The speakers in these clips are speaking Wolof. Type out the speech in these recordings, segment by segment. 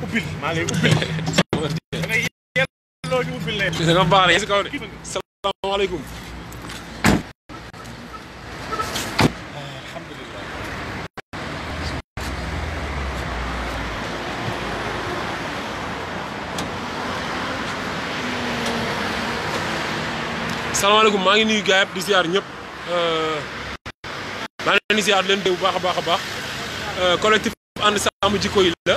Assalamualaikum. Ya maa ngi nuyu gaay di ziar euh, ngi ziar leen bu baaxa baaxa baax euh collectif and samu jikko yi la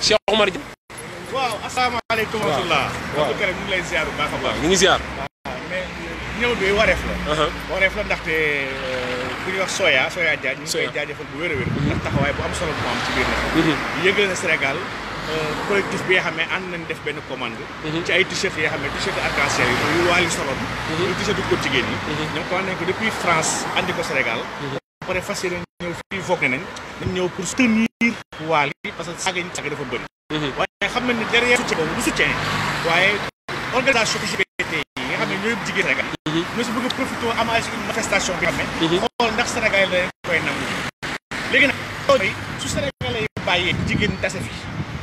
Cheikh Omar Diagne. waaw asalaamaaleykum wa rahmatulah. waaw Abdou Karim ñu ngi ziar a baax. ñu ngi ziar. waaw mais ñëw bi wareef la. Uh-huh. wareef la ndaxte ku euh, ñuy wax Soya Soya Diagne. ñu ngi koy jaajëfal bu wér a wér. taxawaay bu am solo bu am ci biir nag. Mm-hmm. yëgal na Sénégal. Euh, collectif bi nga xam ne ànd nañ def benn commande mm-hmm. ci ay t-shirt yi nga xam ne yu waali soloon yu t-shirt du quotidien yi mm-hmm. ñoom commandé nañ ko depuis France andi Sénégal pare fas ñëw fii voté nañ nañ ñëw pour soutenir Wally parce que saaga yi saaga dafa bëri mhm. waaye xam nañ ne derrière soutien boobu du soutien waaye organisation LGBT yi nga ne ñooy jigéen Sénégal mhm. ñoo si bëgg a profité am ay ne mhm. xool koy su Sénégal yi jigéen tase fi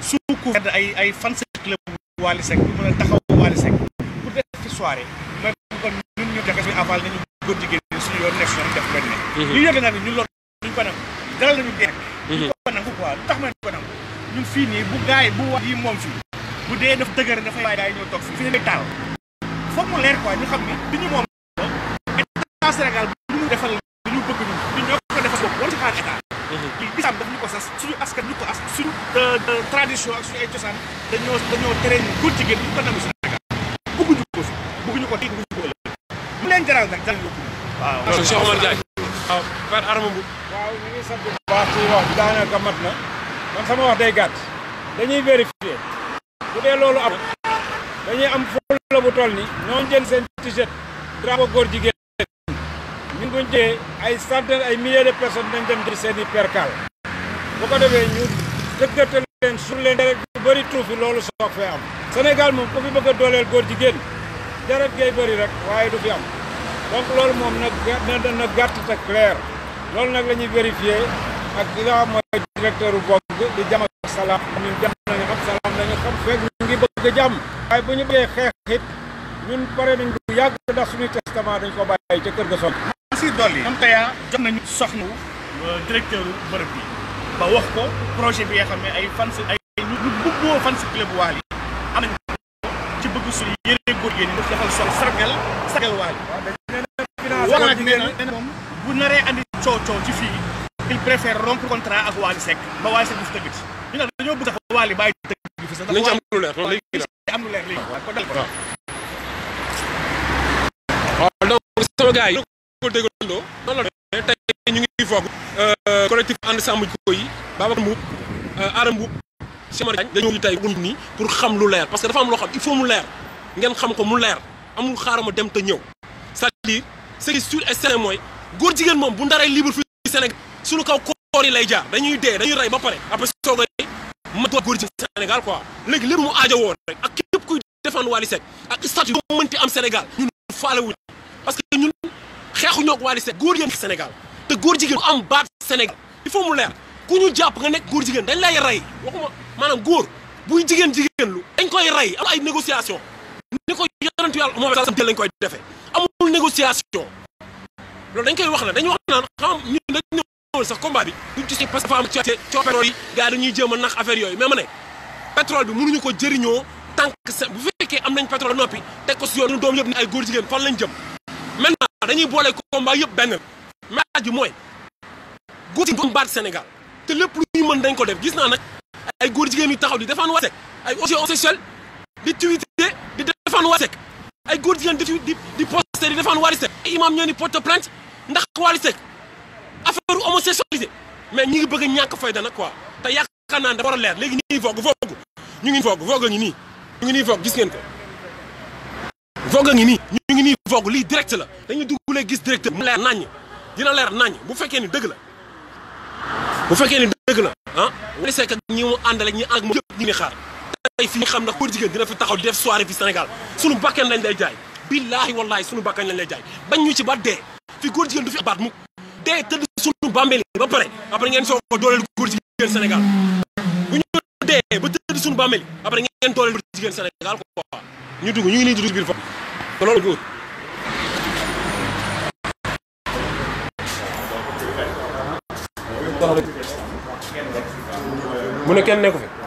su ko ay ay fan club Wally Seck mën a taxaw Wally Seck pour def ci soirée ma kon ñun ñoo jaxas bi aval nañu góor jigéen Mhm. li yëg naa ne ñun loolu duñ ko nangu dara la mhm. ñu gën duñ ko nangu quoi tax ma ko nangu ñun fii nii bu gaay bu wax yi moom fii bu dee daf dëgër dafay bàyyi gaay ñoo toog fii fii lay taal foog mu leer quoi ñoo ko defal bopp war ci xaar état mhm. li islam daf ñu ko sas suñu askan ñu ko as suñu euh, euh, tradition ñu ko nangu mu leen jaral nag jaral ñu ko waaw Cheikh Omar waaw par arme bu waaw ñu bu baax ci wax bi daanaka mat na man sama wax day gàtt dañuy vérifier fu dee loolu am dañuy am fulla bu toll ni ñoo jël seen t-shirt drapeau góor jigéen ñun buñ jëlee ay centaines ay milliers de personnes dañ dem di seen i percal bu ko defee ñu dëggatal leen sur leen deret bu bëri tuufi loolu soog fee am senegal moom ku fi bëgg a dooleel góor jigéen deret gay bëri rek waaye du fi am donc loolu moom nag na gàtt te clair loolu nag la ñuy vérifier ak ki nga xam mooy directeur bu bokk di jàmm ak salaam ñun jàmm nañu xam salaam nañu xam fekk ñu ngi bëgg jàmm. waaye bu ñu bëggee xeex it ñun pare nañ bu yàgg ndax suñuy testament dañ ko bàyyi ca kër ga sonn. maa si dolli am tey jox nañu soxna euh, directeur bërëb bi ba wax ko projet bi nga xam ne ay fans ay ñu bëggoo fans club Wally am nañu ci bëgg suñu yére góor yi ñu defal sol sargal sargal wax nag nee na bu naree andi coow coow ci fii il préfère rompre contrat ak Wally Seck ba Wally Seck du fi tëggati ñu ne dañoo bëgg sax Wally bàyyi tëgg fi sax dañu am lu leer léegi la am lu leer léegi ko dal waaw donc yi ko déggandoo noonu la tey ñu ngi foog euh, collectif yi euh, tey bunt nii pour xam lu leer parce que dafa am loo xam il faut mu leer ngeen xam ko mu leer amul xaaral ma dem te ñëw cest à ce qui est sûr et certain mooy góor jigéen moom bu ndaree libre fii Sénégal suñu kaw koor yi lay jaar dañuy dee dañuy rey ba pare après soogay ma doon góor jigéen Sénégal lépp mu aajo woon rek ak képp kuy défendre Wally Seck ak statut bu mënti am Sénégal ñun ñun xeexuñoo ak Wally Seck góor yéen Sénégal te góor jigéen bu am baat Sénégal il faut mu leer ku ñu jàpp nga nekk góor jigéen dañ lay rey waxuma maanaam góor buy jigéen jigéen lu dañ koy rey am ay négociation ni ko yonentu yàlla moom lañ koy defee négociation loolu dañ koy wax la dañu wax naan xam ñun dañu ñëwoon sax combat bi duñ ci si parce que fa am ci pétrole yi a affaire yooyu mais ma ne pétrole bi mënuñu ko jëriñoo am na pétrole noppi teg ko si yoonu doom yëpp ne ay góor jigéen fan lañ jëm maintenant dañuy boole combat yëpp benn mais laaj bi mooy góor jigéen doon baat Sénégal te lépp lu mën dañ ko def gis naa nag ay góor jigéen yu taxaw di defaan Wassek ay audio sexuel di tuité di defaan Wassek ay góor jigéen di di di posté di défendre Wally Seck ay imam ñoo ni porte plainte ndax Wally Seck affaire homosexualité mais ñi ngi bëgg a ñàkk fayda nag quoi te yaakaar naa dafa war a leer léegi ñu ngi vogue vogue ñu ngi vogue vogue ngi nii ñu ngi nii gis ngeen ko vogue ngi nii ñu ngi nii vogue lii direct la dañuy dugalee gis directeur mu leer naññ dina leer naññ bu fekkee ni dëgg la bu fekkee ni dëgg la ah Wally Seck ak ñi mu àndale ñi ak moom ñëpp ñu ngi xaar tey fii xam na góor jigéen dina fi taxaw def soirée fi Sénégal sunu bakkan lañ lay jaay billaahi wallaahi sunu bakkan lañ lay jaay bañ ñu ci ba dee fi góor jigéen du fi baat mu dee tëdd sunu bàmbeel ba pare après ngeen soog a dooleel góor jigéen Sénégal bu ñu dee ba tëdd sunu bàmbeel après ngeen dooleel góor jigéen Sénégal quoi ñu dugg ñu ngi nii di dugg biir foofu te loolu góor mu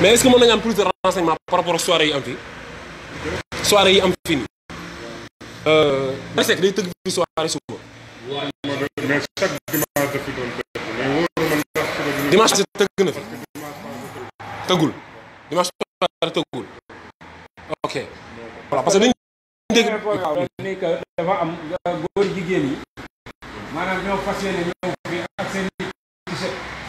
mais est-ce que mën nañu am plus de renseignement par rapport ak yi am fii soirée yi am fii nii. Waly euh, Seck day tëgg fi doon tëgg mais wóoruma tëgg na fi tëggul dimanche soirée tëggul ok parce que dañu dégg dafa am góor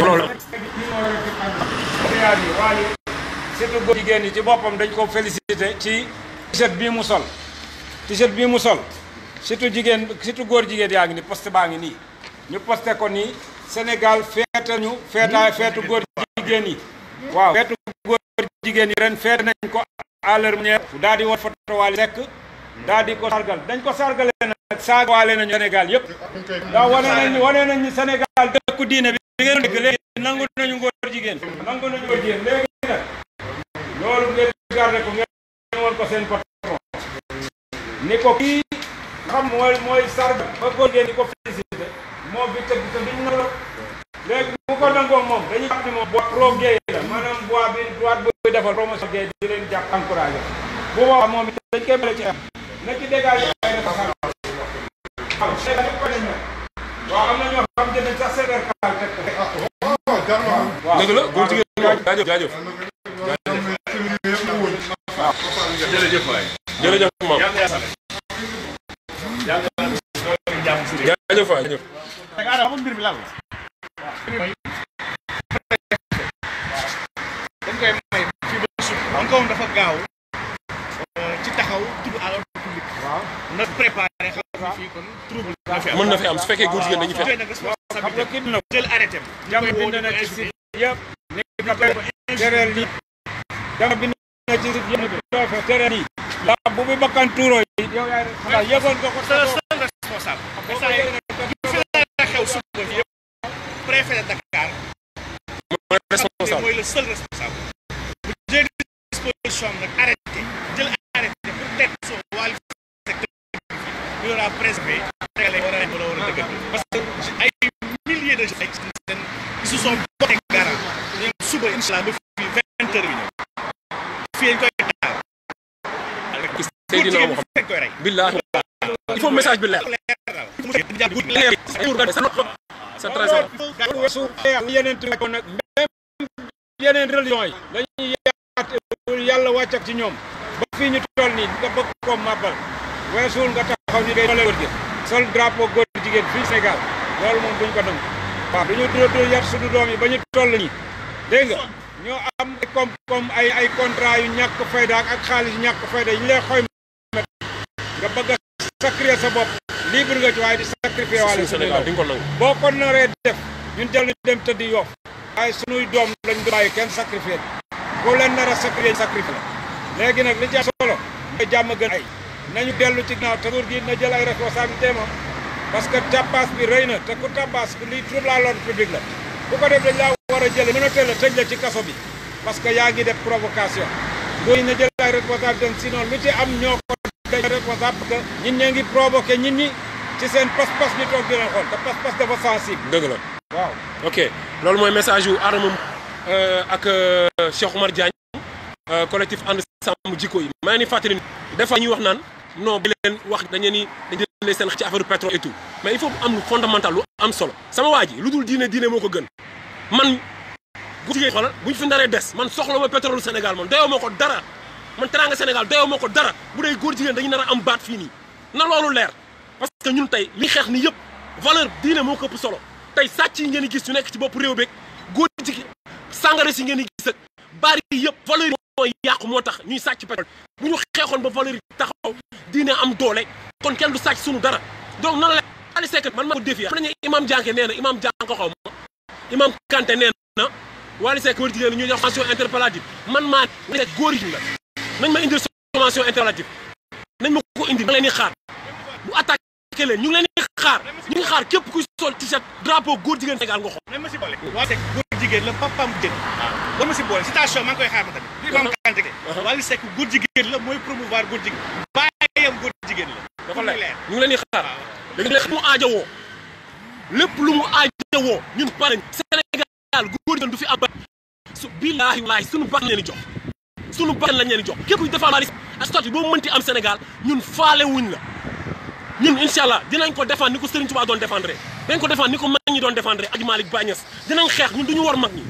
loolu waaye surtout góor jigéen ñi ci boppam dañ t-shirt bii mu t-shirt bii mu sol surtout jigéen surtout góor jigéen yaa ngi ni poste baa ngi nii ñu posté ko nii Sénégal feete ñu feetaay feetu góor jigéen yi waaw feetu góor jigéen ren feete nañ ko à leur manière daal di woon photo Wally Seck daal ko sargal dañ ko sargale nag saagawaale nañu Sénégal yëpp daa wane nañ wane nañ Sénégal dëkku diine bi bi ngeen dégg léegi nangu nañu ngóor jigéen nangu nañu ngóor jigéen léegi nag loolu ngeen garde ko ngeen woon ko seen patron ni ko kii xam mooy mooy sarga ba góor ngeen di ko félicité moo fi tëgg te duñ nangu léegi bu ko nangoo moom dañuy jàpp ni moom boo pro gay la maanaam bois bi droit buy defal promotion gay di leen jàpp encouragé bu boobaa moom it dañ koy bale ci am na ci dégagé ay defar waaw léegi ñëpp ko dañ nag waaw am na ñoo xam ne sax seen waaw dëgg la góor jigéen jaajëf jaajëf. waaw jërëjëf waay. jërëjëf moom. jaajëf waay. mbir mi lan la. dañ koy may fii ba suuf. dafa gaaw. na préparé xam fii kon trouble mën na fi am su fekkee góor jigéen dañuy fekk. xam nga kii dina jël arrêté am. jàmm bind na ci site yëpp. nekk na ko tëral na ci site yëpp. bu bi bakkan yi. yow yaa xam nga sa seul responsable. saa yëpp. préfet Dakar. mooy responsable responsable. respect Sénégalais war a war a war de jeunes seen ils se sont portés garant ñoom suba incha allah ba fii bi ñëw fii lañ koy taal. Seydina Mouhamed koy rey. billaahi il faut message bi leer. c'est très simple. yeneen tur ko nag même yeneen religion yi dañuy yàlla wàcc ci ñoom ba fii ñu toll nii nga bëgg koo màbbal weesuul nga taxaw ñu day doole góor jigéen sol drapeau góor ko nangu waaw dañu dóor dóor yar suñu doom yi ba ñu toll nii dégg nga ñoo am ay koom-koom ay ay yu ñàkk fayda ak xaalis ñàkk fayda yi ñu lay xoy nga a sacrifier sa bopp libre nga ci waaye di sacrifier waale Sénégal boo ko naree def ñun waaye suñuy doom lañ doon bàyyi kenn sacrifier ko leen nar a sacrifier sacrifier léegi nag li ci solo mooy jàmm gën ay nañu dellu ci ginnaaw Tanor gi na jël ay responsabilité moom parce que tapas bi rëy na te ku tapas liy trouble à l'ordre public la bu ko def dañ laa war a jële mën a teel tëj la ci kaso bi parce que yaa ngi def provocation góor ñi na jël ay responsabilité sinon lu ci am ñoo ko dañ responsable parce que ñee ngi provoqué ñit ñi ci seen pas-pas ñu toog di leen xool te pas-pas dafa sensible dëgg waaw ok loolu mooy message yu Adama euh, ak euh, Cheikh Oumar Euh, collectif ànd mu jikko yi maa ngi fàttali des fois ñuy wax naan non bi leen wax dañu ni dañu leen seen ci affaire pétrole et tout mais lu waa ji lu dul diine diine moo ko gën man bu jigéen bu ñu fi ndaree des man soxla moo pétrole Sénégal man doyoo moo ko dara man teraanga Sénégal doyoo moo ko dara bu dee góor jigéen dañu nar a am baat fii nii na loolu leer parce que ñun tey li xeex ni yëpp valeur diine moo ko ëpp solo tey sàcc yi ngeen gis ñu nekk ci bopp réew beeg góor si ngeen di gis ak yëpp valeur mooy yàqu moo tax ñuy sàcc pétrole mu ñu xeexoon ba valeur taxaw diine am doole kon kenn du sàcc sunu dara donc nan la Wally Seck man maa ko défier man nañu nee na imam Dianko xaw ma imam Kanté nee na Wally Seck góor jigéen ñuy def mention interpellative man maa Wally Seck góor jigéen la nañ ma indil mention interpellative nañ ma ko indi ma leen di xaar bu attaqué leen ñu ngi leen di xaar ñu ngi xaar képp kuy sol t-shirt drapeau góor jigéen Sénégal nga xool jigéen la papaam jën loolu ah. ma si boole citation maa ngi koy xaar ma tamit li maam Kanté uh-huh. Wally Seck góor jigéen la mooy promouvoir la dafa leer ñu ngi leen di xaar ah, lépp lu mu aajowoo lépp lu mu aajowoo ñun pare Sénégal góor jigéen du fi am su billaahi wallaahi suñu bakkan leen di jox suñu bakkan lañ leen di jox képp kuy defal Wally ak statut boo mënti am Sénégal ñun faale wuñ la ñun incha allah dinañ ko défendre ni ko Serigne Touba doon défendre dañ ko défendre ni ko mag ñi doon défendre ak Malick Bagnès dinañ xeex ñun du ñu war mag ñi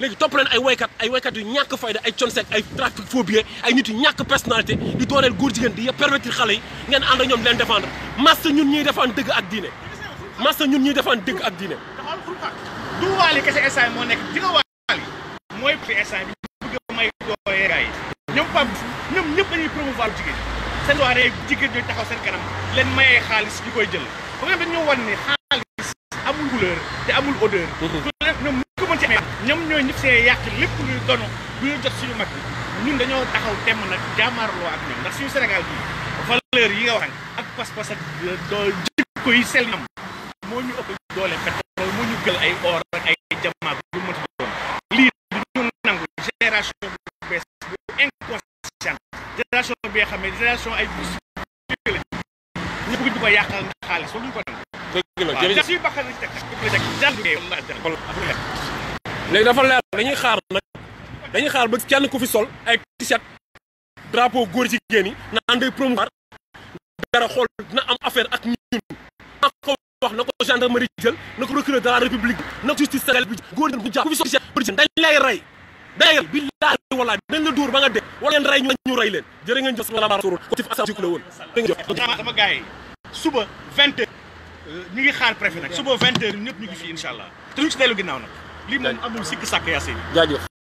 léegi topp leen ay waykat ay waykat yu ñàkk fayda ay consec ay trafic phobie ay nit yu ñàkk personnalité di dooleel góor jigéen di pervertir xale yi ngeen ànd ñoom leen défendre massa ñun ñuy defaan dëgg ak diine massa ñun ñuy defaan dëgg ak diine du waali kese instant moo nekk di waali mooy bi instant bi bëgg may doolee ñu koy jël ba nga dañoo wan ne xaalis amul couleur te amul odeur mhm. amee ñoom ñooy ñëpp see yàq lépp luy donu bu ñu jot suñu mag bi ñun dañoo taxaw temm nag jàmmaarloo ak ñoom ndax suñu Sénégal bii valeur yi nga wax ak pas-pas ak euh, doo jikko yi sel nam moo ñu ëpp doole pétrole moo ñu gël ay or ay jamaa bu mënti doon lii du ñu nangu génération bu bees bu inconsciente génération bi xam génération ay bus ñu bëgg di ko ndax xaalis wala ñu ko nangu dëgg la jërëjëf waaw suy léegi dafa leer dañuy xaar nag dañuy xaar ba kenn ku fi sol ay tiset shirt drapeau góor jigéen yi naan day promouvoir dara xool na am affaire ak ñun na ko wax na ko gendarmerie jël na ko procureur de la république na ko justice sénégal bi góor bu jàpp ku fi sol t-shirt dañ lay rey dañ lay billaahi dañ la dóor ba nga dee wala leen rey ñu rey leen jërë ngeen jëf sama labaar suur ko ci asa jikko la woon suba vingt euh, ñu ngi xaar préfet nag suba vingt ñëpp ñu ngi fi incha allah te ñu ci nag lii moom amul sikk sàkk